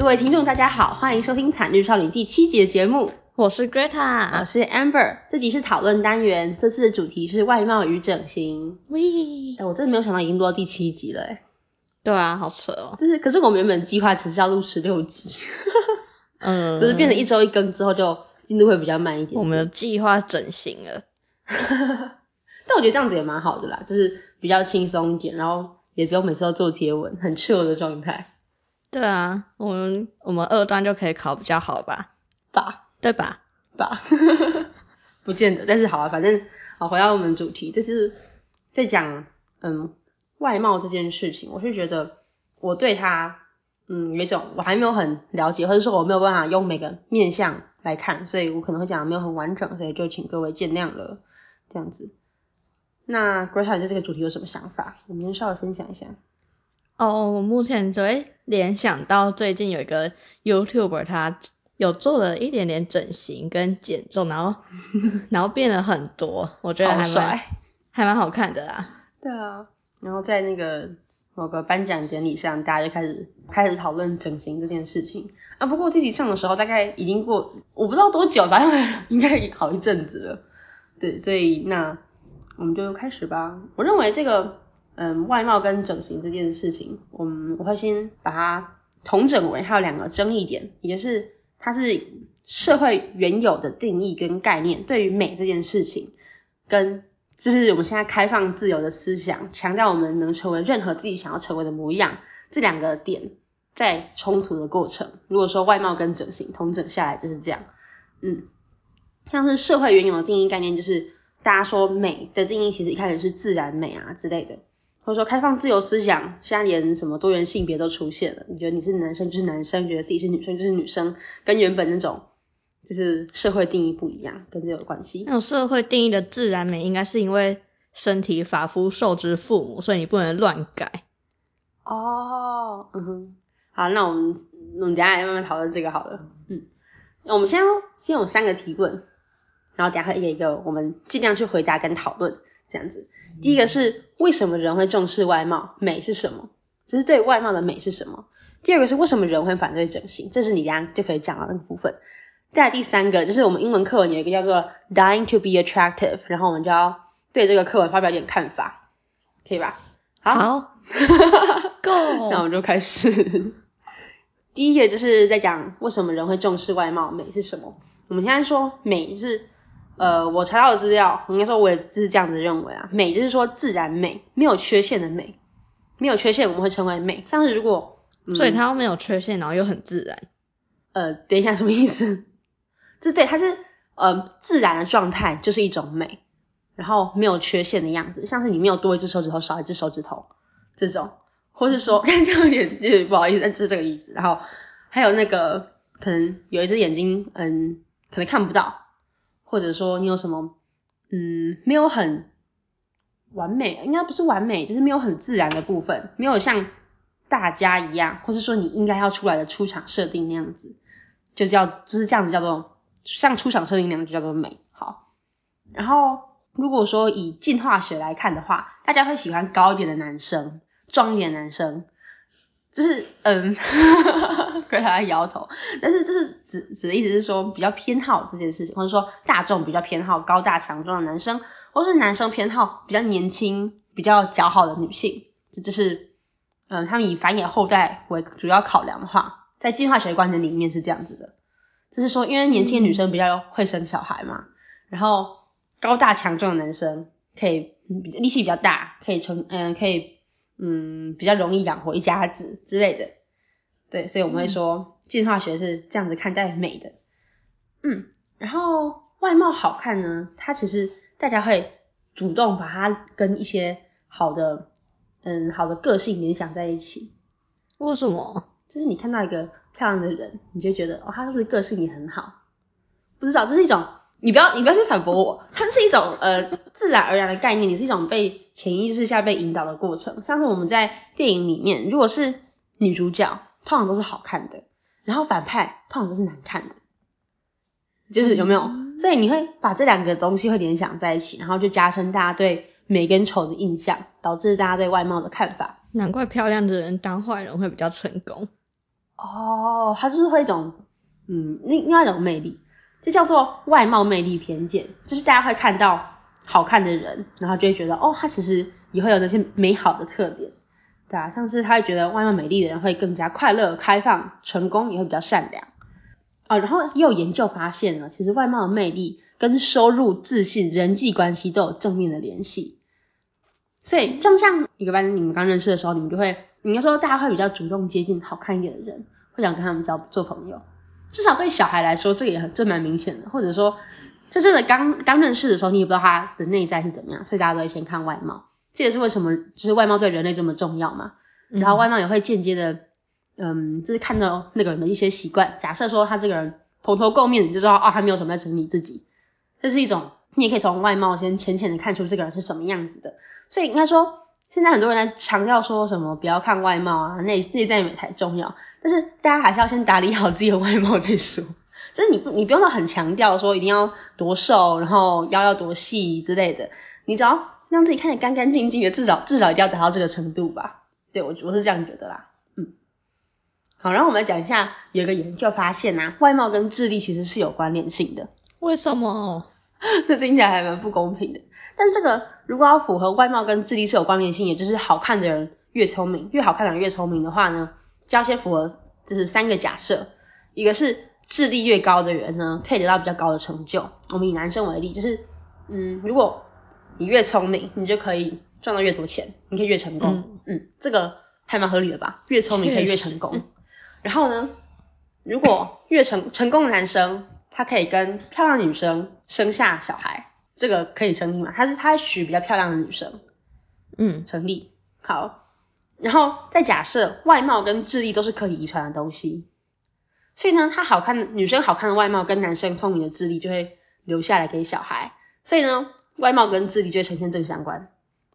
各位聽眾，大家好，歡迎收聽《慘綠少女》第七集的節目。我是 Greta，我是 Amber。這集是討論單元，這次的主題是外貌與整形。喂、e，哎、哦，我真的沒有想到已經錄到第七集了，哎。對啊，好扯哦。就是，可是我們原本計劃只是要錄十六集， 嗯，就是變成一周一更之後，就進度會比較慢一點點。我們的計劃整形了。 但我覺得這樣子也蠻好的啦，就是比較輕鬆一點，然後也不用每次都要做貼文，很 chill 的狀態。對啊，我們我們二段就可以考比較好吧？吧，對吧？吧呵呵，不見得，但是好啊，反正好、哦、回到我們主題，就是在講嗯外貌這件事情，我是覺得我對他嗯有一種我還沒有很了解，或者說我沒有辦法用每個面相來看，所以我可能會講的沒有很完整，所以就請各位見諒了。這樣子，那 Greta 你對這個主題有什麼想法？我們先稍微分享一下。哦，oh, 我目前就會聯想到最近有一個 YouTuber，他有做了一點點整形跟減重，然後 然後變了很多，我覺得還蠻帥還蠻好看的啦，啊。對啊，然後在那個某個頒獎典禮上，大家就開始開始討論整形這件事情啊。不過這集上的時候大概已經過，我不知道多久，反正應該好一陣子了。對，所以那我們就開始吧。我認為這個。嗯，外貌跟整形這件事情，我們我會先把它統整為，還有兩個爭議點，也就是它是社會原有的定義跟概念對於美這件事情，跟就是我們現在開放自由的思想，強調我們能成為任何自己想要成為的模樣，這兩個點在衝突的過程。如果說外貌跟整形同整下來就是這樣，嗯，像是社會原有的定義概念，就是大家說美的定義其實一開始是自然美啊之類的。或者說開放自由思想，現在連什麼多元性別都出現了。你覺得你是男生就是男生，你覺得自己是女生就是女生，跟原本那種就是社會定義不一樣，跟這有關係？那種、嗯、社會定義的自然美，應該是因為身體髮膚受之父母，所以你不能亂改。哦，oh，嗯哼，好，那我們那我們等下來慢慢討論這個好了。嗯，我們現在先有三個提問，然後等一下會一個一個我們盡量去回答跟討論。這樣子，第一個是為什麼人會重視外貌？美是什麼？這是對外貌的美是什麼？第二個是為什麼人會反對整形？這是你剛剛就可以講到那個部分。再來第三個就是我們英文課文有一個叫做 Dying to Be Attractive，然後我們就要對這個課文發表一點看法，可以吧？好，Go，那我們就開始。第一個就是在講為什麼人會重視外貌？美是什麼？我們現在說美、就是。呃，我查到的資料，應該說我也是這樣子認為啊。美就是說自然美，沒有缺陷的美，沒有缺陷我們會稱為美。像是如果，嗯，所以它又沒有缺陷，然後又很自然。呃，等一下什麼意思？就對，它是呃自然的狀態就是一種美，然後沒有缺陷的樣子，像是你沒有多一只手指頭，少一只手指頭這種，或是說，哎，這樣有點不好意思，但就是這個意思。然後還有那個可能有一只眼睛，嗯，可能看不到。或者說你有什麼，嗯，沒有很完美，應該不是完美，就是沒有很自然的部分，沒有像大家一樣，或是說你應該要出來的出廠設定那樣子，就叫就是這樣子叫做像出廠設定那樣就叫做美好。然後如果說以進化學來看的話，大家會喜歡高一點的男生，壯一點的男生，就是嗯。 對他搖頭，但是這是指，指的意思是說比較偏好這件事情，或者說大眾比較偏好高大強壯的男生，或是男生偏好比較年輕、比較姣好的女性，這就是嗯他們以繁衍後代為主要考量的話，在進化學觀點裡面是這樣子的，就是說因為年輕的女生比較會生小孩嘛，嗯、然後高大強壯的男生可以力氣比較大，可以成，嗯、呃、可以嗯比較容易養活一家子之類的。對，所以我們會說、嗯、進化學是這樣子看待美的。嗯，然後外貌好看呢，它其實大家會主動把它跟一些好的，嗯，好的個性聯想在一起。為什麼？就是你看到一個漂亮的人，你就覺得哦，他是不是個性也很好？不知道，這是一種你不要你不要去反駁我， 它是一種呃自然而然的概念，也是一種被潛意識下被引導的過程。像是我們在電影裡面，如果是女主角。通常都是好看的，然後反派通常都是難看的，就是有沒有？所以你會把這兩個東西會聯想在一起，然後就加深大家對美跟醜的印象，導致大家對外貌的看法。難怪漂亮的人當壞人會比較成功。哦，oh, 他就是會一種，嗯，另另外一種魅力，就叫做外貌魅力偏見，就是大家會看到好看的人，然後就會覺得，哦，他其實也會有那些美好的特點。對啊，像是他會覺得外貌美麗的人會更加快樂、開放、成功，也會比較善良。哦，然後也有研究發現呢，其實外貌的魅力跟收入、自信、人際關係都有正面的聯繫。所以像不像一個班，你們剛認識的時候，你們就會應該說大家會比較主動接近好看一點的人，會想跟他們交做朋友。至少對小孩來說，這個也很這蠻明顯的。或者說，就真的剛剛認識的時候，你也不知道他的內在是怎麼樣，所以大家都會先看外貌。這也是為什麼就是外貌對人類這麼重要嘛，嗯、然後外貌也會間接的，嗯，就是看到那個人的一些習慣。假設說他這個人蓬頭垢面，你就知道啊、哦，他沒有什麼在整理自己。這是一種，你也可以從外貌先淺淺的看出這個人是什麼樣子的。所以應該說，現在很多人在強調說什麼不要看外貌啊，內內在美才重要。但是大家還是要先打理好自己的外貌再說。就是你不你不用到很強調說一定要多瘦，然後腰要多細之類的，你只要。讓自己看得干干淨淨的，至少至少一定要達到這個程度吧。對我我是這樣覺得啦。嗯，好，然後我們來講一下有一個研究發現啊，外貌跟智力其實是有關聯性的。為什麼？這聽起來還蠻不公平的。但這個如果要符合外貌跟智力是有關聯性，也就是好看的人越聰明，越好看的人越聰明的話呢，就要先符合就是三個假設，一個是智力越高的人呢，可以得到比較高的成就。我們以男生為例，就是嗯，如果你越聰明，你就可以賺到越多錢，你可以越成功。嗯，嗯，這個還蠻合理的吧？越聰明，確實，可以越成功。嗯，然後呢，如果越成成功的男生，他可以跟漂亮的女生生下小孩，這個可以成立嗎？他是他娶比較漂亮的女生。嗯，成立。好，然後再假設外貌跟智力都是可以遺傳的東西，所以呢，他好看的女生好看的外貌跟男生聰明的智力就會留下來給小孩。所以呢，外貌跟智力就會呈現正相關，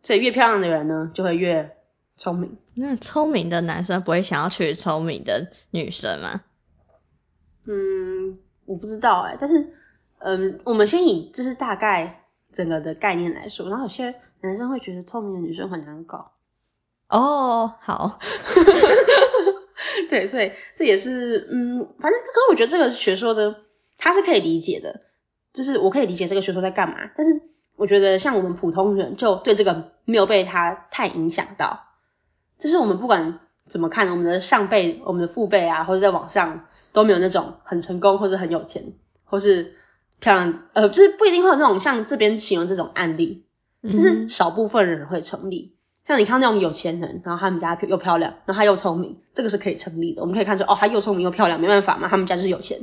所以越漂亮的人呢，就會越聰明。那聰明的男生不會想要娶聰明的女生嗎？嗯，我不知道哎、欸，但是嗯，我們先以就是大概整個的概念來說，然後有些男生會覺得聰明的女生很難搞。哦，oh, 好， 對，所以這也是嗯，反正可是我覺得這個學說的他是可以理解的，就是我可以理解這個學說在幹嘛，但是。我覺得像我們普通人，就對這個沒有被他太影響到。就是我們不管怎麼看，我們的上輩、我們的父輩啊，或者在網上都沒有那種很成功，或是很有錢，或是漂亮，呃，就是不一定會有那種像這邊形容這種案例，就是少部分人會成立。嗯。像你看那種有錢人，然後他們家又漂亮，然後他又聰明，這個是可以成立的。我們可以看出，哦，他又聰明又漂亮，沒辦法嘛，他們家就是有錢。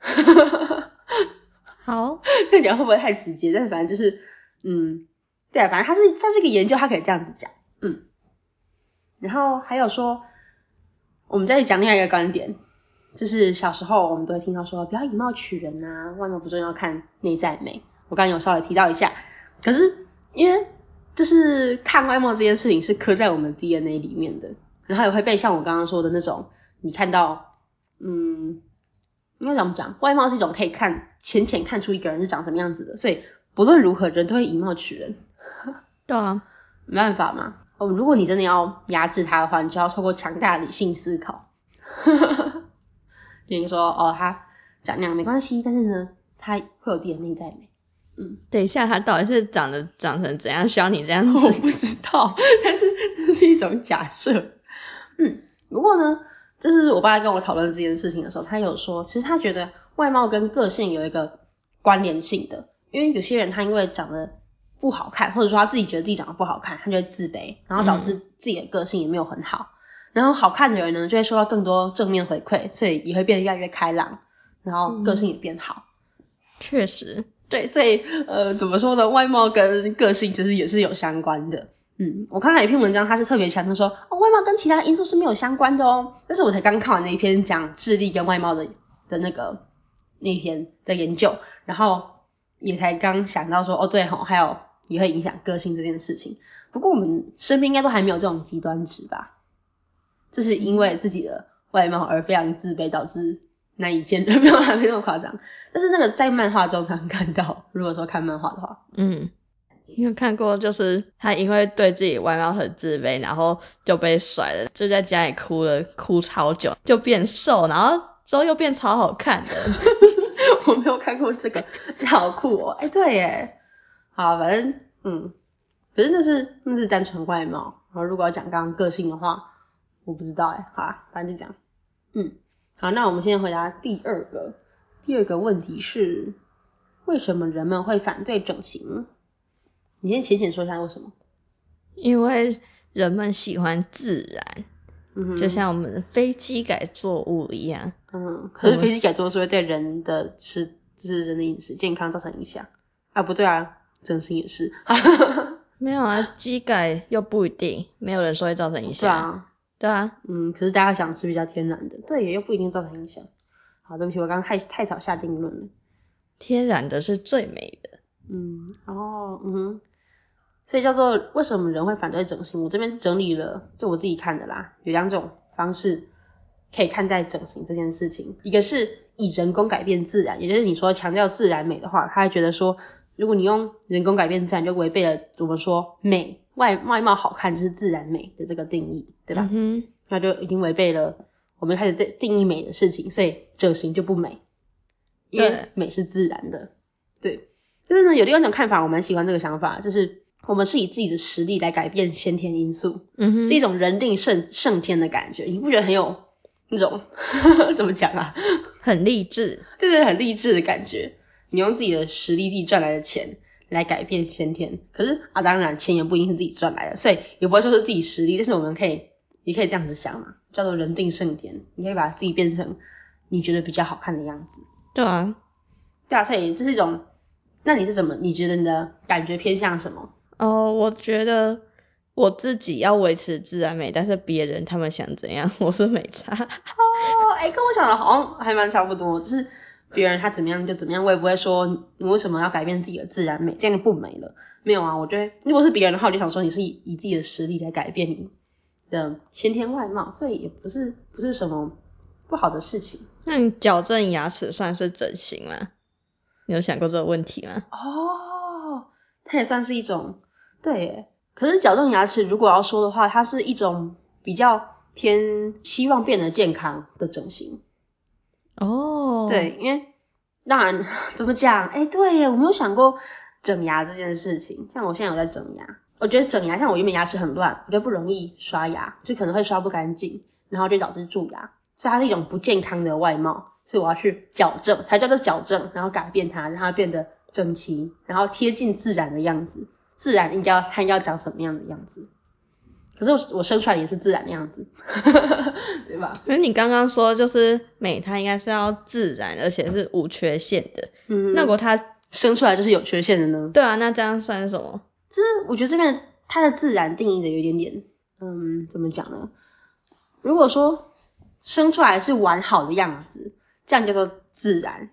好，那你會不會太直接？但是反正就是，嗯，對啊，反正他是在這個研究，他可以這樣子講，嗯。然後還有說，我們再講另外一個觀點，就是小時候我們都會聽到說，不要以貌取人啊，外貌不重要，看內在美。我剛剛有稍微提到一下，可是因為就是看外貌這件事情是刻在我們 DNA 裡面的，然後也會被像我剛剛說的那種，你看到，嗯，應該怎麼講？外貌是一種可以看。淺淺看出一個人是長什麼樣子的，所以不論如何，人都會以貌取人，對啊，沒辦法嘛。哦，如果你真的要壓制他的話，你就要透過強大理性思考，比 如說哦，他長那樣沒關係，但是呢，他會有自己的內在美。嗯，等一下他到底是長得長成怎樣，需要你這樣我不知道， 但是這是一種假設。嗯，不過呢，這是我爸跟我討論這件事情的時候，他有說，其實他覺得。外貌跟個性有一個關聯性的，因為有些人他因為長得不好看，或者說他自己覺得自己長得不好看，他就會自卑，然後導致自己的個性也沒有很好。嗯、然後好看的人呢就會受到更多正面回饋，所以也會變得越來越開朗，然後個性也變好。確、嗯、實，對，所以呃怎麼說呢？外貌跟個性其實也是有相關的。嗯，我看到有一篇文章，他是特別強調說，哦，外貌跟其他因素是沒有相關的哦。但是我才剛看完那一篇講智力跟外貌的的那個。那天的研究，然後也才剛想到說，哦對吼，還有也會影響個性這件事情。不過我們身邊應該都還沒有這種極端值吧？就是因為自己的外貌而非常自卑，導致難以見人，沒有，沒那麼誇張。但是那個在漫畫中常看到，如果說看漫畫的話，嗯，你有看過？就是他因為對自己外貌很自卑，然後就被甩了，就在家裡哭了，哭超久，就變瘦，然後之後又變超好看的。 我沒有看過這個，那好酷哦，喔！哎，欸，對耶，好，反正，嗯，反正那是那是單純外貌，然後如果要講剛剛個性的話，我不知道誒，好啊，反正就講，嗯，好，那我們先回答第二個，第二個問題是為什麼人們會反對整形？你先淺淺說一下為什麼？因為人們喜歡自然。就像我們的飛機改作物一樣，嗯，嗯，可是飛機改作物是會對人的吃，就是人的飲食健康造成影響？啊，不對啊，整形也是， 沒有啊，基改又不一定，沒有人說會造成影響。對啊，對啊，嗯，可是大家想吃比較天然的，對，也又不一定造成影響。好，對不起，我剛剛太太早下定論了。天然的是最美的。嗯，然後，哦，嗯哼。所以叫做為什麼人會反對整形？我這邊整理了，就我自己看的啦，有兩種方式可以看待整形這件事情。一個是以人工改變自然，也就是你說強調自然美的話，他還覺得說，如果你用人工改變自然，就違背了我們說美外外貌好看就是自然美的這個定義，對吧？嗯哼，那就已經違背了我們開始對定義美的事情，所以整形就不美，因為美是自然的。對，對，但是呢，有另外一種看法，我蠻喜歡這個想法，就是。我們是以自己的實力來改變先天因素，嗯哼，是一種人定勝勝天的感覺，你不覺得很有那種呵呵怎麼講啊？很勵志，對對，很勵志的感覺。你用自己的實力、自己賺來的錢來改變先天，可是啊，當然錢也不一定是自己賺來的，所以也不會說是自己實力，但是我們可以、也可以這樣子想嘛，叫做人定勝天，你可以把自己變成你覺得比較好看的樣子。對啊，對啊，所以這是一種。那你是怎麼？你覺得你的感覺偏向什麼？哦，oh, 我覺得我自己要維持自然美，但是別人他們想怎樣，我是沒差。哦，哎，跟我想的好像還蠻差不多，就是別人他怎麼樣就怎麼樣，我也不會說，你為什麼要改變自己的自然美，這樣就不美了。沒有啊，我覺得如果是別人的話，我就想說，你是以，以自己的實力來改變你的先天外貌，所以也不是不是什麼不好的事情。那你矯正牙齒算是整形嗎？你有想過這個問題嗎？哦，它也算是一種。對，可是矯正牙齒如果要說的話，它是一種比較偏希望變得健康的整形。哦，oh. 對，因為當然怎麼講，誒對耶，我沒有想過整牙這件事情。像我現在有在整牙，我覺得整牙像我原本牙齒很亂，我覺得不容易刷牙，就可能會刷不乾淨，然後就導致蛀牙。所以它是一種不健康的外貌，所以我要去矯正，才叫做矯正，然後改變它，讓它變得整齊，然後貼近自然的樣子。自然應該要看要長什麼樣的樣子，可是我，我生出來也是自然的樣子， 對吧？可是你剛剛說就是美，它應該是要自然，而且是無缺陷的。嗯，那如果它生出來就是有缺陷的呢？對啊，那這樣算什麼？就是我覺得這邊它的自然定義的有一點點，嗯，怎麼講呢？如果說生出來是完好的樣子，這樣叫做自然；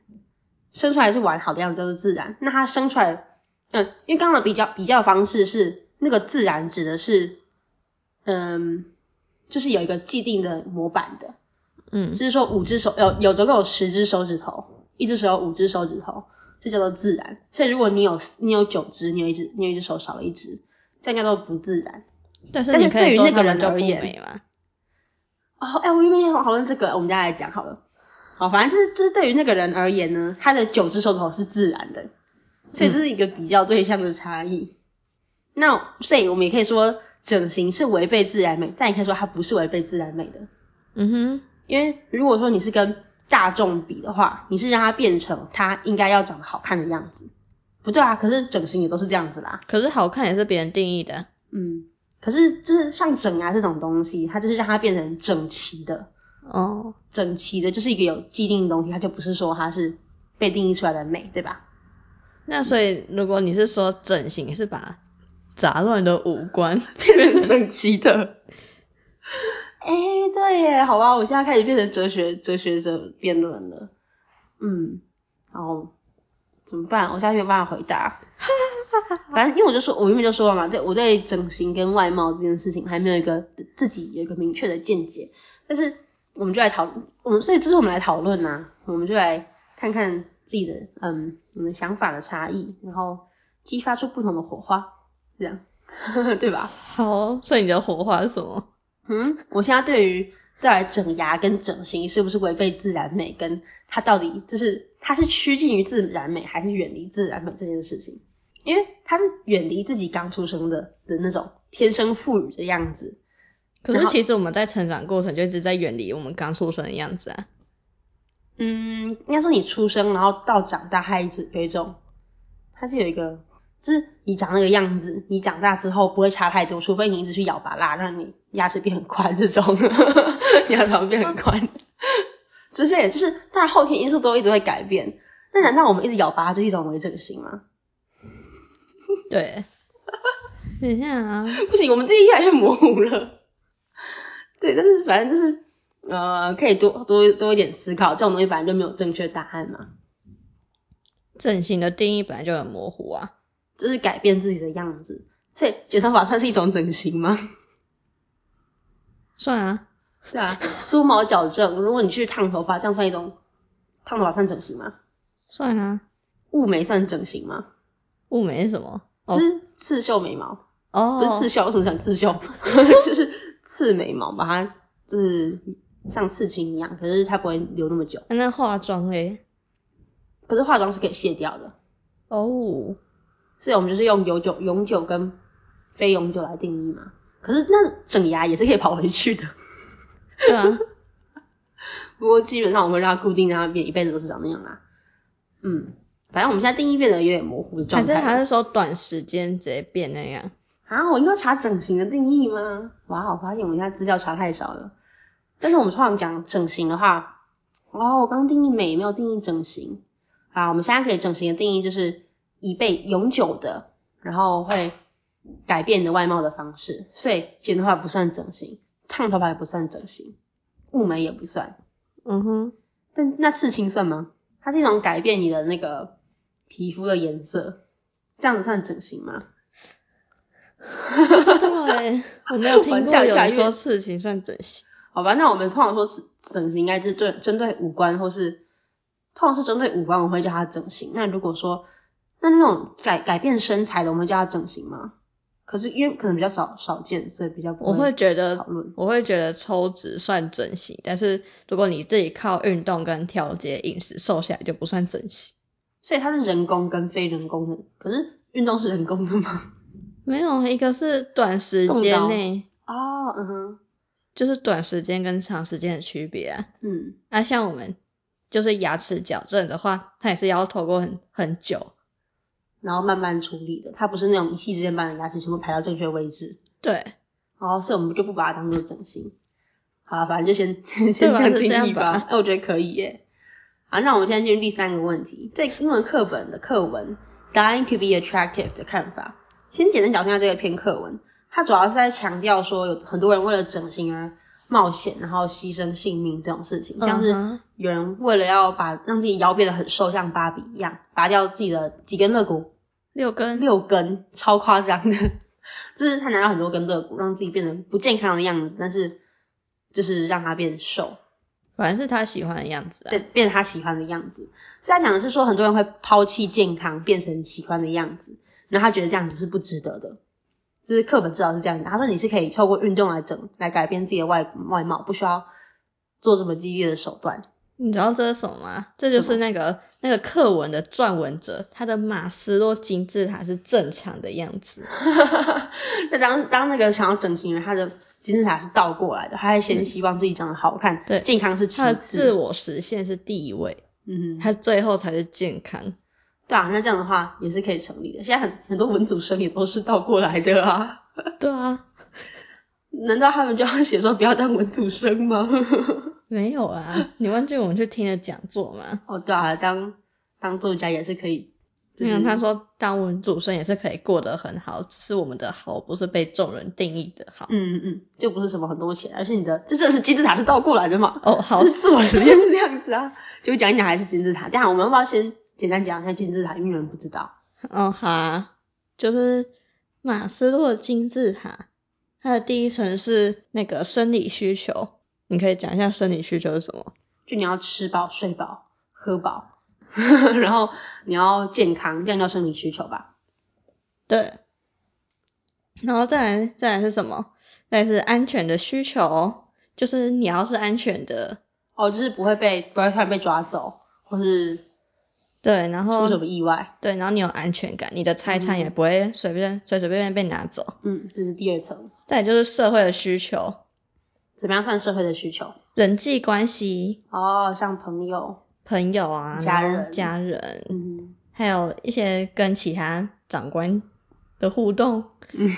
生出來是完好的樣子叫做自然。那它生出來。嗯，因為剛剛的比較比較方式是那個自然指的是，嗯，就是有一個既定的模板的，嗯，就是說五只手有有總共有十只手指頭，一只手有五只手指頭，這叫做自然。所以如果你有你有九只，你有一只你有一只手少了一只，這樣叫做不自然。但是對於那個人而言，哦，哎、欸，我因為好，好像這個，我們再來講好了。好，反正就是就是對於那個人而言呢，他的九只手指頭是自然的。所以這是一個比較對象的差異。嗯、那所以我們也可以說，整形是違背自然美，但也可以說它不是違背自然美的。嗯哼，因為如果說你是跟大眾比的話，你是讓它變成它應該要長得好看的樣子，不對啊？可是整形也都是這樣子啦。可是好看也是別人定義的。嗯，可是就是像整牙、啊、這種東西，它就是讓它變成整齊的。哦，整齊的就是一個有既定的東西，它就不是說它是被定義出來的美，對吧？那所以，如果你是說整形是把雜亂的五官變成整 齊的 、欸，誒對耶，好吧，我現在開始變成哲學，哲學者辯論了，嗯，然後怎麼辦？我現在沒有辦法回答，反正因為我就說，我原本就說了嘛，對我對整形跟外貌這件事情還沒有一個自己有一個明確的見解，但是我們就來討論，我們所以這是我們來討論吶、啊，我們就來看看。自己的，嗯，我們想法的差異，然後激發出不同的火花，這樣 對吧？好，所以你的火花是什麼？嗯，我現在對於再來整牙跟整形是不是違背自然美，跟它到底就是它是趨近於自然美，還是遠離自然美這件事情？因為它是遠離自己剛出生的的那種天生賦予的樣子。可是其實我們在成長過程就一直在遠離我們剛出生的樣子啊。 嗯，應該說你出生，然後到長大，還一直有一種，它是有一個，就是你長那個樣子，你長大之後不會差太多，除非你一直去咬拔辣，讓你牙齒變很寬這種，呵呵牙床變很寬，只是也就是，但後天因素都一直會改變。那難道我們一直咬拔拉就是一種微整形嗎？對， 等一下啊，不行，我們自己越來越模糊了。對，但是反正就是。呃，可以多多多一點思考，這種東西本來就沒有正確答案嘛、啊。整形的定義本來就很模糊啊，就是改變自己的樣子，所以剪頭髮算是一種整形嗎？算啊， 對啊。 梳毛矯正，如果你去燙頭髮，這樣算一種燙頭髮算整形嗎？算啊。霧眉算整形嗎？霧眉是什麼？哦，是刺繡眉毛。哦，不是刺繡，為什麼想刺繡？ 就是刺眉毛，把它就是。像刺青一樣，可是它不會留那麼久。啊、那化妝誒、欸。可是化妝是可以卸掉的。哦，是，我們就是用永久、永久跟非永久來定義嘛。可是那整牙也是可以跑回去的。對啊、嗯。 不過基本上我們會讓它固定在那邊，讓它變一輩子都是長那樣啦、啊。嗯，反正我們現在定義變得有點模糊的狀態。還是還是說短時間直接變那樣？啊，我應該查整形的定義嗎？哇，我發現我們現在資料查太少了。但是我們通常,常講整形的話，哦，我剛剛定義美沒有定義整形。好，我們現在給整形的定義就是以被永久的，然後會改變你的外貌的方式。所以剪頭髮不算整形，燙頭髮也不算整形，霧眉也不算。嗯哼，但那刺青算嗎？它是一種改變你的那個皮膚的顏色，這樣子算整形嗎？我不知道、欸、 我沒有聽過有人說刺青算整形。好吧，那我們通常說是整形，應該是針針對五官，或是通常是針對五官，我會叫它整形。那如果說那那種改改變身材的，我們會叫它整形嗎？可是因為可能比較少少見，所以比較不會討論。我會覺得，我會覺得抽脂算整形，但是如果你自己靠運動跟調節飲食瘦下來，就不算整形。所以它是人工跟非人工的，可是運動是人工的嗎？沒有，一個是短時間內哦，嗯哼。Oh, uh huh. 就是短時間跟長時間的區別、啊、嗯，那、啊、像我們就是牙齒矯正的話，它也是要透過很很久，然後慢慢處理的，它不是那種一夕之間把的牙齒全部排到正確位置，對，然後所以我們就不把它當做整形，好、啊、反正就先先這樣吧定義吧，那我覺得可以耶，好，那我們現在進入第三個問題，對英文課本的課文，dying to be attractive 的看法，先簡單講一下這一篇課文。他主要是在強調說，有很多人為了整形而、啊、冒險，然後犧牲性命這種事情，像是有人為了要把讓自己腰變得很瘦，像芭比一樣，拔掉自己的幾根肋骨，六根，六根超誇張的， 就是他拿到很多根肋骨，讓自己變成不健康的樣子，但是就是讓他變瘦，反而是他喜歡的樣子啊，變變他喜歡的樣子，所以他講的是說，很多人會拋棄健康，變成喜歡的樣子，然後他覺得這樣子是不值得的。就是課本知道是這樣子的，他說你是可以透過運動來整、來改變自己的外外貌，不需要做什麼激烈的手段。你知道這是什麼嗎？這就是那個麼那個課文的撰文者，他的馬斯洛金字塔是正常的樣子。哈哈，那當當那個想要整形，他的金字塔是倒過來的，他還先希望自己長得好、嗯、看，對，健康是其次，自我實現是第一位，嗯，他最後才是健康。對啊，那這樣的話也是可以成立的。現在，很很多文組生，也都是倒過來的啊。對啊，難道他們就要寫說不要當文組生嗎？ 沒有啊，你忘記我們去聽的講座嗎？哦，對啊，當當作家也是可以。對、就、啊、是，他說當文組生也是可以過得很好，只是我們的好不是被眾人定義的好。嗯嗯，就不是什麼很多錢，而是你的，這這是金字塔是倒過來的嘛？哦，好，是自我實現是這樣子啊，就講一講還是金字塔。這樣我們要不要先？簡單講一下金字塔，因為人不知道。哦，好啊，就是馬斯洛金字塔，它的第一層是那個生理需求。你可以講一下生理需求是什麼？就你要吃飽、睡飽、喝飽， 然後你要健康，這樣叫生理需求吧？對。然後再來，再來是什麼？再來是安全的需求，就是你要是安全的，哦，就是不會被不會突然被抓走，或是。對，然後出什麼意外？對，然後你有安全感，你的財產也不會隨便、嗯、隨隨便便被拿走。嗯，這是第二層。再就是社會的需求，怎麼樣看社會的需求？人際關係哦，像朋友、朋友啊，家人、家人，嗯、哼還有一些跟其他長官的互動。嗯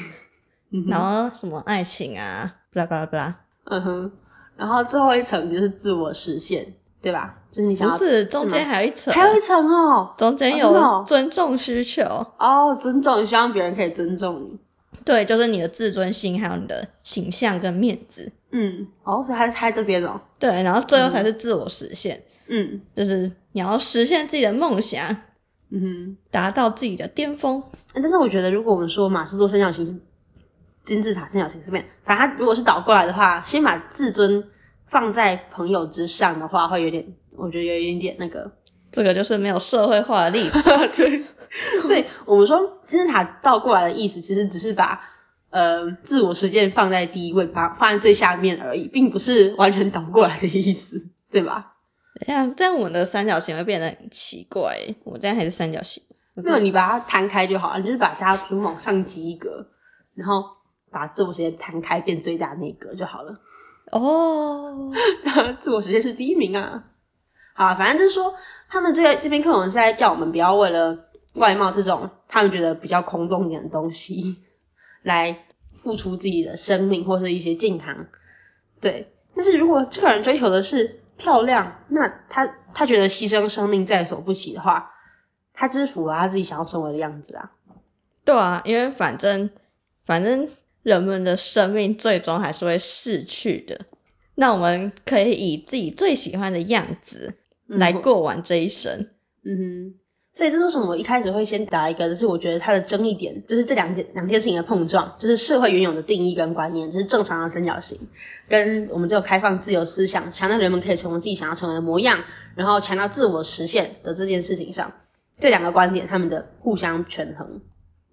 哼，然後什麼愛情啊，巴拉巴拉巴拉。嗯哼，然後最後一層就是自我實現。對吧？就是你想要，不是中間還一層，還有一層哦，中間有尊重需求哦，哦 oh, 尊重，希望別人可以尊重你，對，就是你的自尊心，還有你的形象跟面子。嗯，哦、oh,，所以還還這邊哦。對，然後最後才是自我實現。嗯，就是你要實現自己的夢想。嗯哼，達到自己的巔峰。但是我覺得，如果我們說馬斯洛三角形是金字塔三角形，這邊反正它如果是倒過來的話，先把自尊，放在朋友之上的話，會有點，我覺得有一點點那個。這個就是沒有社會化的例子。 對。 所以我們說金字塔倒過來的意思，其實只是把呃自我實踐放在第一位，把它放在最下面而已，並不是完全倒過來的意思，對吧？哎呀，這樣我們的三角形會變得很奇怪。我這樣還是三角形。那你把它攤開就好了， 就是把它往上擠一格，然後把自我實踐攤開變最大那一格就好了。哦，oh. 自我實現是第一名啊。好啊，反正就是說，他們這個這篇課文是在叫我們不要為了外貌這種他們覺得比較空洞一點的東西，來付出自己的生命或是一些健康。對，但是如果這個人追求的是漂亮，那他他覺得犧牲生命在所不惜的話，他只是符合他自己想要成為的樣子啊。對啊，因為反正反正。人們的生命最終還是會逝去的，那我們可以以自己最喜歡的樣子來過完這一生。嗯哼，嗯哼，所以這是為什麼我一開始會先打一個，就是我覺得它的爭議點，就是這兩件兩件事情的碰撞，就是社會原有的定義跟觀念，就是正常的三角形，跟我們這種開放自由思想，強調人們可以成為自己想要成為的模樣，然後強調自我實現的這件事情上，這兩個觀點他們的互相權衡。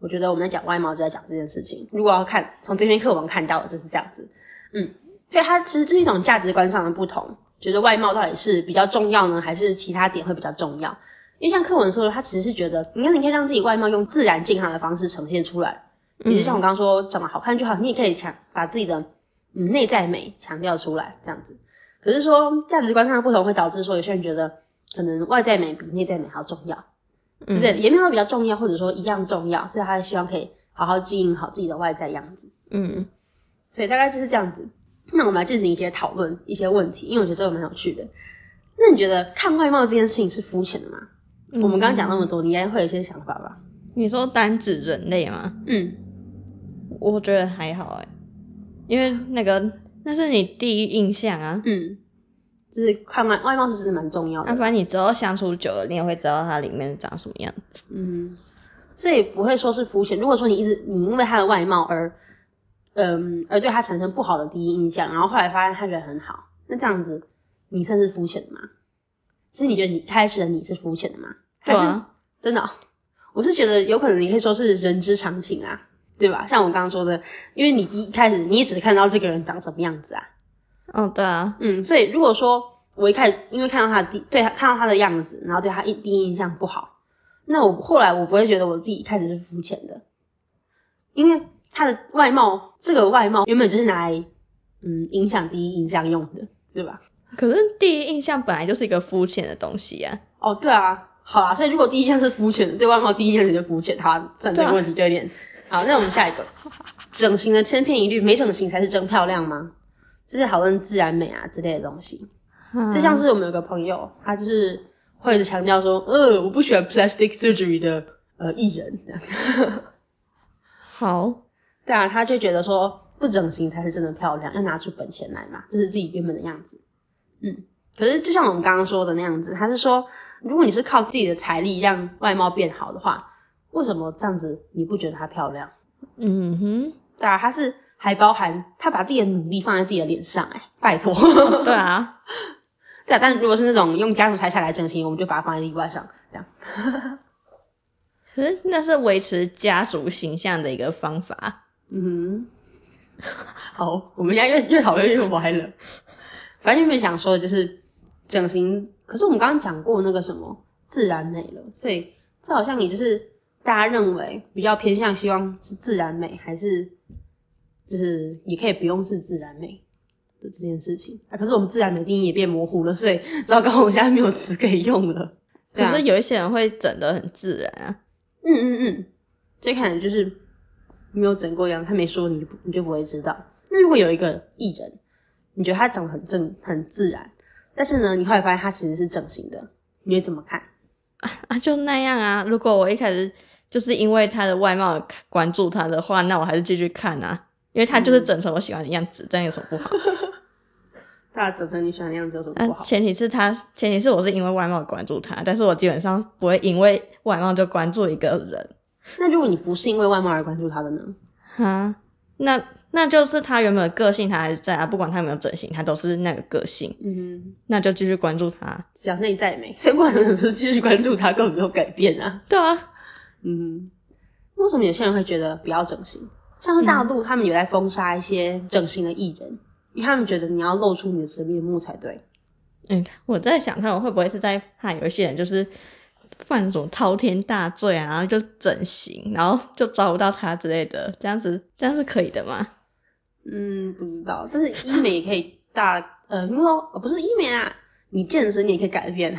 我覺得我們在講外貌就在講這件事情。如果要看，從這篇課文看到的就是這樣子，嗯，所以它其實是一種價值觀上的不同，覺得外貌到底是比較重要呢，還是其他點會比較重要？因為像課文說的，他其實是覺得，你看你可以讓自己外貌用自然健康的方式呈現出來，你、嗯、就像我剛剛說，長得好看就好，你也可以強把自己的嗯內在美強調出來，這樣子。可是說價值觀上的不同會導致說有些人覺得可能外在美比內在美還要重要。是的，也沒有比較重要，或者說一樣重要，所以他還希望可以好好經營好自己的外在的樣子。嗯，所以大概就是這樣子。那我們來進行一些討論，一些問題，因為我覺得這個蠻有趣的。那你覺得看外貌這件事情是膚淺的嗎？嗯、我們剛剛講那麼多，你應該會有一些想法吧？你說單指人類嗎？嗯，我覺得還好哎、欸，因為那個那是你第一印象啊。嗯。就是看外貌，外貌是其實蠻重要的，但、啊、反正你之後相處久了，你也會知道他裡面長什麼樣子。嗯，所以不會說是膚淺。如果說你一直你因為他的外貌而嗯而對他產生不好的第一印象，然後後來發現他人很好，那這樣子你算是膚淺的嗎？是你覺得你開始的你是膚淺的嗎？對啊。真的、哦，我是覺得有可能，你可以說是人之常情啊，對吧？像我剛剛說的，因為你一開始你一直看到這個人長什麼樣子啊。嗯、哦，對啊，嗯，所以如果說我一開始因為看到他的第，對他看到他的樣子，然後對他一第一印象不好，那我後來我不會覺得我自己一開始是膚淺的，因為他的外貌這個外貌原本就是拿來，嗯，影響第一印象用的，對吧？可是第一印象本來就是一個膚淺的東西啊。哦，對啊，好啊，所以如果第一印象是膚淺的，這外貌第一印象是膚淺，他算這個問題就有點。對啊、好，那我們下一個， 整形，的千篇一律，沒整形才是真漂亮嗎？就是討論自然美啊之類的東西，就、嗯、像是我們有個朋友，他就是會強調說，嗯、呃，我不喜歡 plastic surgery 的呃藝人。 好，對啊，他就覺得說不整形才是真的漂亮，要拿出本錢來嘛，這是自己原本的樣子。嗯，可是就像我們剛剛說的那樣子，他是說，如果你是靠自己的財力讓外貌變好的話，為什麼這樣子你不覺得她漂亮？嗯哼，對啊，他是。還包含他把自己的努力放在自己的臉上、欸，誒拜托，對啊， 對啊，但如果是那種用家族財產來整形，我們就把它放在例外上，這樣，呵、 嗯，那是維持家族形象的一個方法，嗯好，我們現在越越討論越歪了， 反正沒有想說的就是整形，可是我們剛剛講過那個什麼自然美了，所以這好像也就是大家認為比較偏向希望是自然美還是。就是也可以不用是自然美的這件事情，啊、可是我們自然美的定義也變模糊了，所以糟糕，我現在沒有詞可以用了。可是有一些人會整得很自然啊。嗯嗯嗯，最開始就是沒有整過一樣，他沒說你，你就你就不會知道。那如果有一個藝人，你覺得他長得很正很自然，但是呢，你後來發現他其實是整形的，你會怎麼看？啊，就那樣啊。如果我一開始就是因為他的外貌關注他的話，那我還是繼續看啊。因為他就是整成我喜歡的樣子，嗯、這樣有什麼不好？ 他整成你喜歡的樣子有什麼不好？啊、前提是他，前提是我是因為外貌關注他，但是我基本上不會因為外貌就關注一個人。那如果你不是因為外貌而關注他的呢？哈、啊，那那就是他原本的個性，他還是在啊，不管他有沒有整形，他都是那個個性。嗯哼，那就繼續關注他，只要內在美，所以不管怎麼就是繼續關注他，根本沒有改變啊。對啊，嗯，為什麼有些人會覺得不要整形？像是大陸，嗯、他們也在封殺一些整形的藝人，因為他們覺得你要露出你的真面目才對。嗯，我在想他們會不會是在看有一些人就是犯什麼滔天大罪啊，然後就整形，然後就抓不到他之類的，這樣子這樣子是可以的嗎？嗯，不知道，但是醫美也可以大 呃，你說，不是醫美啊，你健身你也可以改變，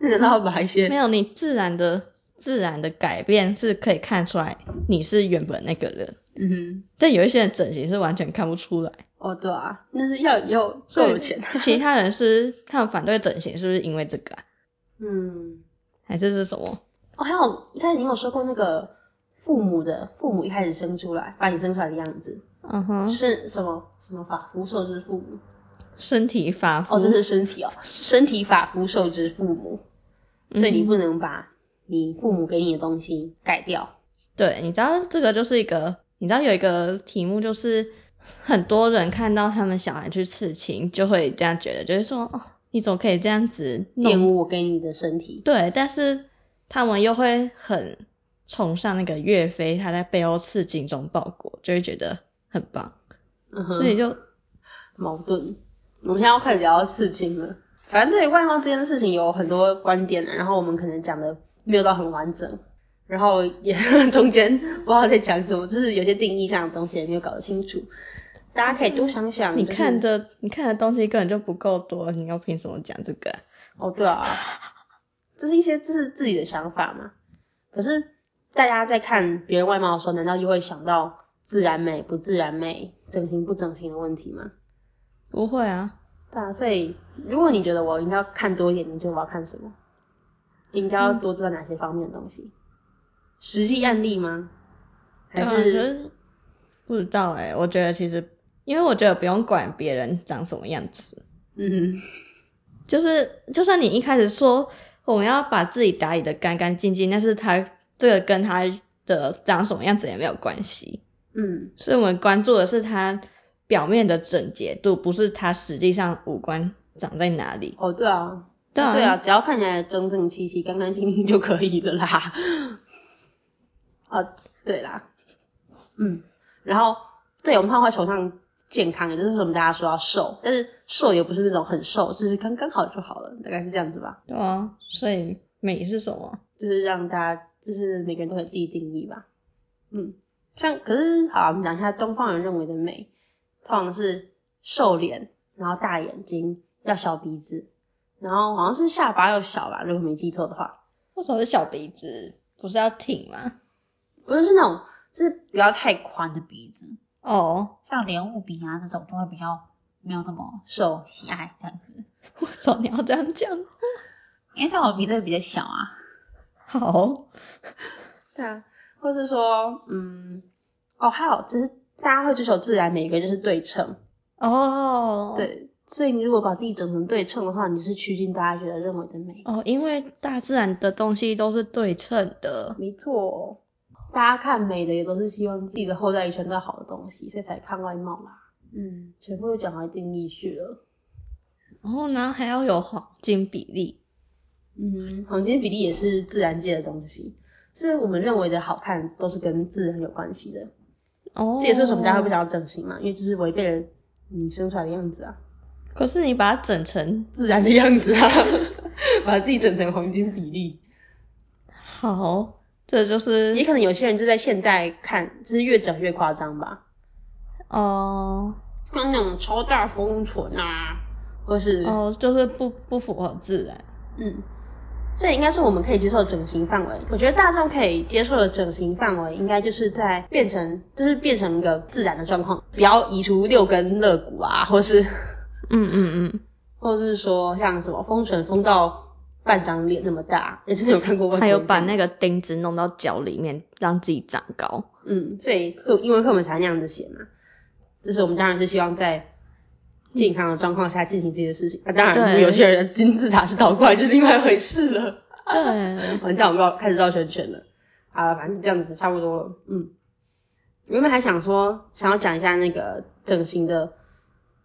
練到白些？沒有，你自然的。自然的改變是可以看出來你是原本那個人，嗯哼。但有一些人整形是完全看不出來。哦，對啊，那是要有，有夠有錢、啊。其他人是他們反對整形，是不是因為這個、啊？嗯。還是是什麼？哦，還有一開始你有說過那個父母的父母一開始生出來把你生出來的樣子，嗯哼。是什麼什麼髮膚受之父母，身體髮哦，這是身體哦，身體髮膚受之父母，嗯、哼所以你不能把。你父母給你的東西、嗯、改掉。對，你知道這個就是一個，你知道有一個題目就是很多人看到他們小孩去刺青，就會這樣覺得，就是說哦，你怎麼可以這樣子玷污我給你的身體？對，但是他們又會很崇尚那個岳飛，他在背後刺精忠報國，就會覺得很棒，嗯、哼所以就矛盾。我們現在要開始聊到刺青了，反正對於外貌這件事情有很多觀點，然後我們可能講的。沒有到很完整，然後也中間不知道在講什麼，就是有些定義上的東西也沒有搞得清楚。大家可以多想想、就是。你看的你看的東西根本就不夠多，你要憑什麼講這個？哦，對啊，這是一些這是自己的想法嘛。可是大家在看別人外貌的時候，難道又會想到自然美不自然美、整形不整形的問題嗎？不會啊。大家啊，所以如果你覺得我應該要看多一點，你覺得我要看什麼？應該要多知道哪些方面的東西？嗯、實際案例嗎？嗯、還是、嗯、可是不知道哎？我覺得其實，因為我覺得不用管別人長什麼樣子，嗯哼，就是就算你一開始說我們要把自己打理得干干淨淨，但是他這個跟他的長什麼樣子也沒有關係，嗯，所以我們關注的是他表面的整潔度，不是他實際上五官長在哪裡。哦，對啊。啊對啊，只要看起來整整齊齊、乾乾淨淨就可以了啦。啊，對啦，嗯，然後對，我們還會崇尚健康，也就是為什麼大家說要瘦，但是瘦也不是那種很瘦，就是剛剛好就好了，大概是這樣子吧。對啊，所以美是什麼？就是讓大家，就是每個人都可以自己定義吧。嗯，像可是好、啊，我們講一下東方人認為的美，通常是瘦臉，然後大眼睛，要小鼻子。然後、no, 好像是下巴又小啦，如果沒記錯的話，為什麼是小鼻子，不是要挺嗎？ 不是，是那種就是不要太寬的鼻子哦，oh. 像蓮霧鼻啊這種都會比較沒有那麼受喜愛這樣子。為什麼你要這樣講？ 因為像我鼻子比較小啊。好。對啊，或是說，嗯，哦，還好，其實大家會追求自然，每一個就是對稱。哦，oh. 對。所以你如果把自己整成對稱的話，你是趨近大家覺得認為的美。哦，因為大自然的東西都是對稱的。沒錯哦，大家看美的也都是希望自己的後代遺傳到好的東西，所以才看外貌啦。嗯，全部都講到定義去了。哦，然後呢，還要有黃金比例。嗯，黃金比例也是自然界的東西，是我們認為的好看都是跟自然有關係的。哦，這也是為什麼大家會不想要整形嘛，因為就是違背了你生出來的樣子啊。可是你把它整成自然的樣子啊， 把自己整成黃金比例，好，這就是也可能有些人就在現代看，就是越整越誇張吧，哦、呃，像那種超大豐唇啊，或是哦、呃、就是不不符合自然，嗯，這應該是我們可以接受整形範圍。我覺得大眾可以接受的整形範圍，應該就是在變成就是變成一個自然的狀況，不要移除六根肋骨啊，或是。嗯嗯嗯，嗯嗯或者是說像什麼豐唇，豐到半張臉那麼大，也是有看過問題。還有把那個釘子弄到腳裡面，讓自己長高。嗯，所以課，因為課本才那樣子寫嘛。就是我們當然是希望在健康的狀況下進行這些事情。那、嗯啊、當然，對有些人的金字塔是倒過來，就另外一回事了。對，完蛋，我開始繞圈圈了。啊，反正這樣子差不多了。嗯，原本還想說想要講一下那個整形的。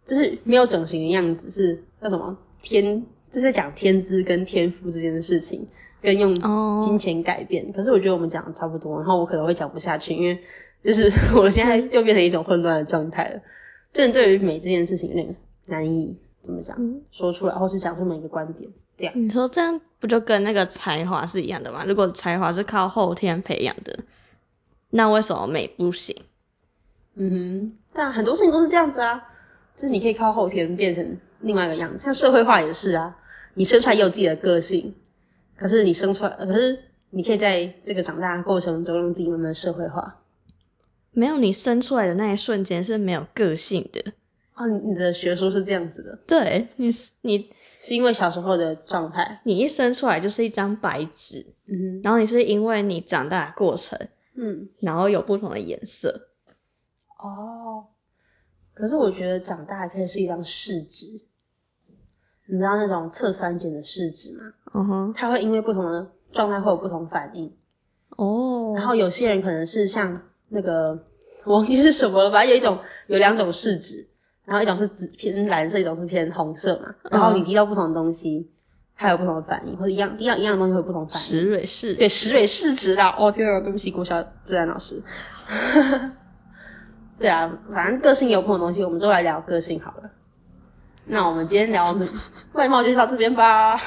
就是沒有整形的樣子，是叫什麼天？就是講天資跟天賦之間的事情，跟用金錢改變。Oh. 可是我覺得我們講得差不多，然後我可能會講不下去，因為就是我現在又變成一種混亂的狀態了。這對於美這件事情，有點難以怎麼講、嗯、說出來，或是講出某一個觀點。這樣你說這樣不就跟那個才華是一樣的嗎？如果才華是靠後天培養的，那為什麼美不行？嗯，哼，但很多事情都是這樣子啊。就是你可以靠後天變成另外一個樣子，像社會化也是啊。你生出來也有自己的個性，可是你生出來，可是你可以在這個長大的過程中讓自己慢慢社會化。沒有，你生出來的那一瞬間是沒有個性的。哦、啊，你的學說是這樣子的。對，你你是因為小時候的狀態，你一生出來就是一張白紙，嗯、哼然後你是因為你長大的過程，嗯，然後有不同的顏色。哦。可是我覺得長大可以是一張試紙，你知道那種測酸鹼的試紙嗎？嗯哼、uh，huh. 它會因為不同的狀態會有不同反應。哦。Oh. 然後有些人可能是像那個我忘記是什麼了吧，反正有一種有兩種試紙，然後一種是紫偏藍色，一種是偏紅色嘛。Uh huh. 然後你滴到不同的東西，它有不同的反應，或者一樣滴到一樣的東西會有不同的反應。石蕊試。對，石蕊試紙啦。哦，天哪，對不起，國小自然老師。 對啊，反正個性有各種東西，我們就來聊個性好了。那我們今天聊外貌就到這邊吧。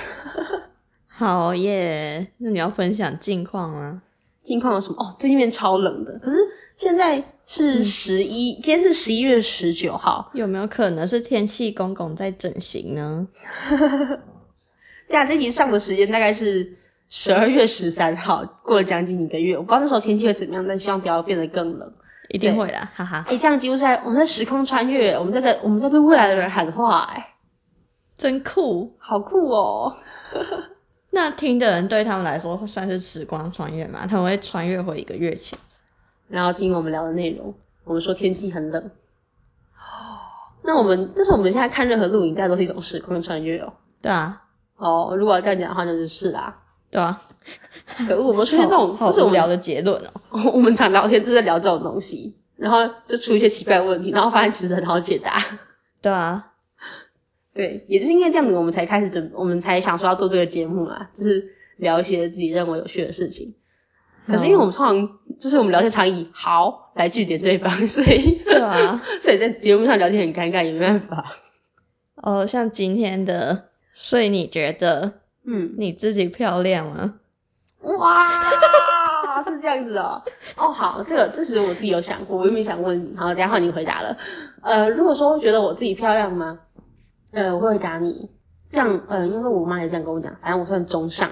好耶，那你要分享近況嗎？啊？近況有什麼？哦，最近變超冷的。可是現在是十一，嗯，今天是十一月十九號，有沒有可能是天氣公公在整形呢？呵呵呵哈哈。這集上的時間大概是十二月十三號，過了將近一個月，我不知道那時候天氣會怎麼樣，但希望不要變得更冷。一定會啊，對哈哈！誒、欸、這樣幾乎是我們在時空穿越，我們在跟我們在對未來的人喊話、欸，哎，真酷，好酷哦、喔！ 那聽的人對他們來說算是時光穿越嘛？他們會穿越回一個月前，然後聽我們聊的內容。我們說天氣很冷，那我們，但是我們現在看任何錄影帶都是一種時空穿越哦、喔。對啊，哦，如果要這樣講的話那就是啦是、啊，對啊。可我們出現這種，這是我們聊的結論哦。我們常聊天就是在聊這種東西，然後就出一些奇怪的問題，然後發現其實很好解答。對啊，對，也就是因為這樣子，我們才開始準，我們才想說要做這個節目啊，就是聊一些自己認為有趣的事情。對可是因為我們通常，就是我們聊天常以好來句點對方，所以，對啊， 所以在節目上聊天很尷尬，也沒辦法。哦，像今天的，所以你覺得，嗯，你自己漂亮嗎？嗯哇，是這樣子的 哦。好，這個這是我自己有想過，我又沒想過你，好，等下換你回答了。呃，如果說會覺得我自己漂亮嗎？呃，我會回答你。這樣，呃，因為是我媽也這樣跟我講，反正我算中上，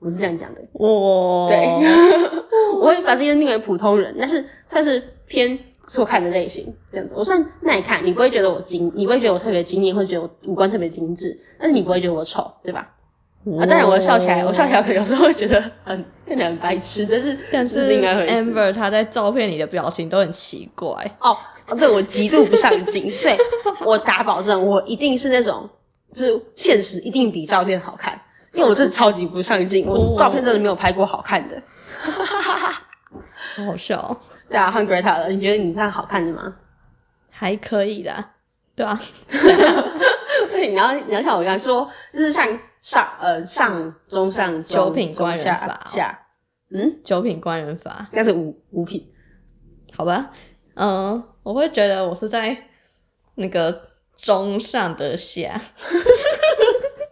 我是這樣講的。哇，對， 我會把自己定為普通人，但是算是偏錯看的類型，這樣子。我算耐看，你不會覺得我精，你不會覺得我特別驚艷，會覺得我五官特別精緻，但是你不會覺得我醜，對吧？啊，當然我笑起來，我笑起來可能有時候會覺得很看起來很白痴，但是但是，那是，是 Amber 她在照片裡的表情都很奇怪。哦哦、oh, oh，對我極度不上鏡， 所以我打保證，我一定是那種就是現實一定比照片好看，因為我真的超級不上鏡，我照片真的沒有拍過好看的。好笑、哦，大家換、啊、Greta 了，你覺得你這樣好看的嗎？還可以的，對啊。對 你要你要像我一樣說，就是像。上呃上中上中九品官人法中下、哦、嗯，九品官人法應該是五五品好吧，嗯，我會覺得我是在那個中上的下呵呵呵呵哈，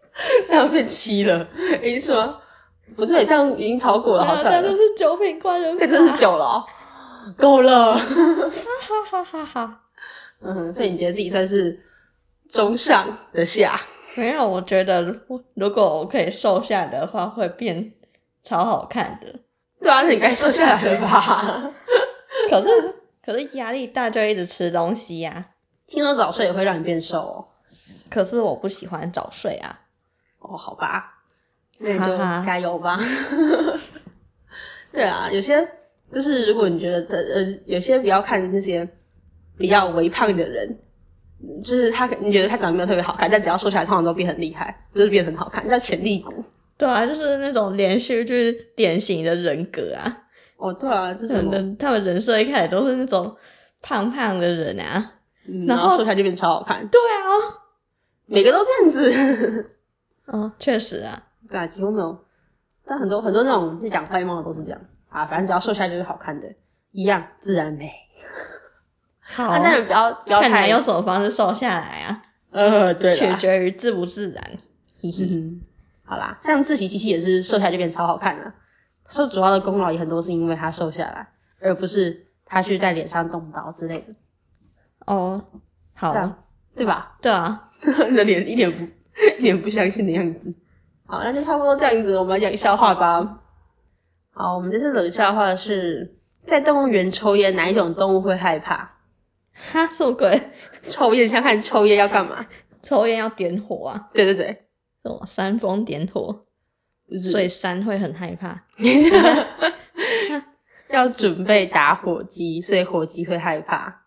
那我被七了、欸、你說、嗯、不是，不是這樣已經炒股了好像這就是九品官人法，這真是九了夠、哦、了哈哈哈哈哈哈嗯，所以你覺得自己算是中上的下。沒有，我覺得如果我可以瘦下來的話，會變超好看的。 對啊，那你該瘦下來了吧 可、可是可是壓力大就一直吃東西呀，啊。聽說早睡也會讓你變瘦哦。可是我不喜歡早睡啊。哦，好吧，那你就加油吧。 對啊，有些就是如果你覺得呃，有些比較看那些比較微胖的人。就是他，你覺得他長得沒有特別好看，但只要瘦下來，通常都變很厲害，就是變得很好看，叫潛力股。對啊，就是那種連續就是典型的人格啊。哦，對啊，這真的，他們人設一開始都是那種胖胖的人啊，嗯、然後瘦下來就變超好看。對啊，每個都這樣子。嗯、 哦，確實啊。對啊，幾乎沒有。但很多很多那種講外貌的都是這樣啊，反正只要瘦下來就是好看的。一樣，自然美。他好那種比較比較看你用什麼方式瘦下來啊？嗯、呃，對，取決於自不自然。嘿嘿，好啦，像志祺七七也是瘦下來就變超好看了，他說主要的功勞也很多是因為他瘦下來，而不是他去在臉上動刀之類的。哦，好，啊、對吧？對啊， 你的臉一臉不一臉不相信的樣子。好，那就差不多這樣子，我們來講笑話吧。好，我們這次冷笑話的是在動物園抽煙，哪一種動物會害怕？哈，什麼鬼？抽菸，你想看抽菸要幹嘛？抽菸要點火啊。對對對。什麼？煽風點火。日所以山會很害怕。 要準備打火機，所以火機會害怕。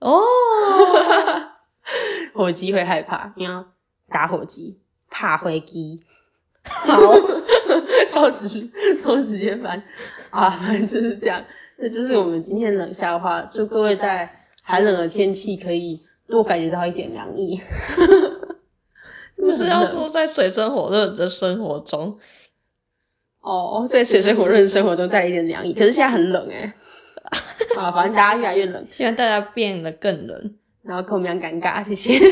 對哦， 火機會害怕。你要打火機，怕灰機。好，從始從始至終，好啊，反正就是這樣。這就是我們今天的冷笑話，祝各位在寒冷的天氣可以多感覺到一點涼意。 不是要說在水深火熱的生活中哦，在水深火熱的生活中帶一點涼意，可是現在很冷誒、欸、 啊，反正大家越來越冷，現在大家變得更冷，然後跟我們一樣尷尬，謝謝。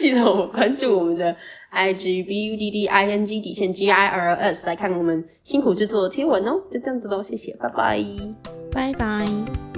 記得我們關注我們的。I G B U D D I N G 底線 G I R L S 來看我們辛苦製作的貼文哦、喔，就這樣子嘍，謝謝，拜拜，拜拜。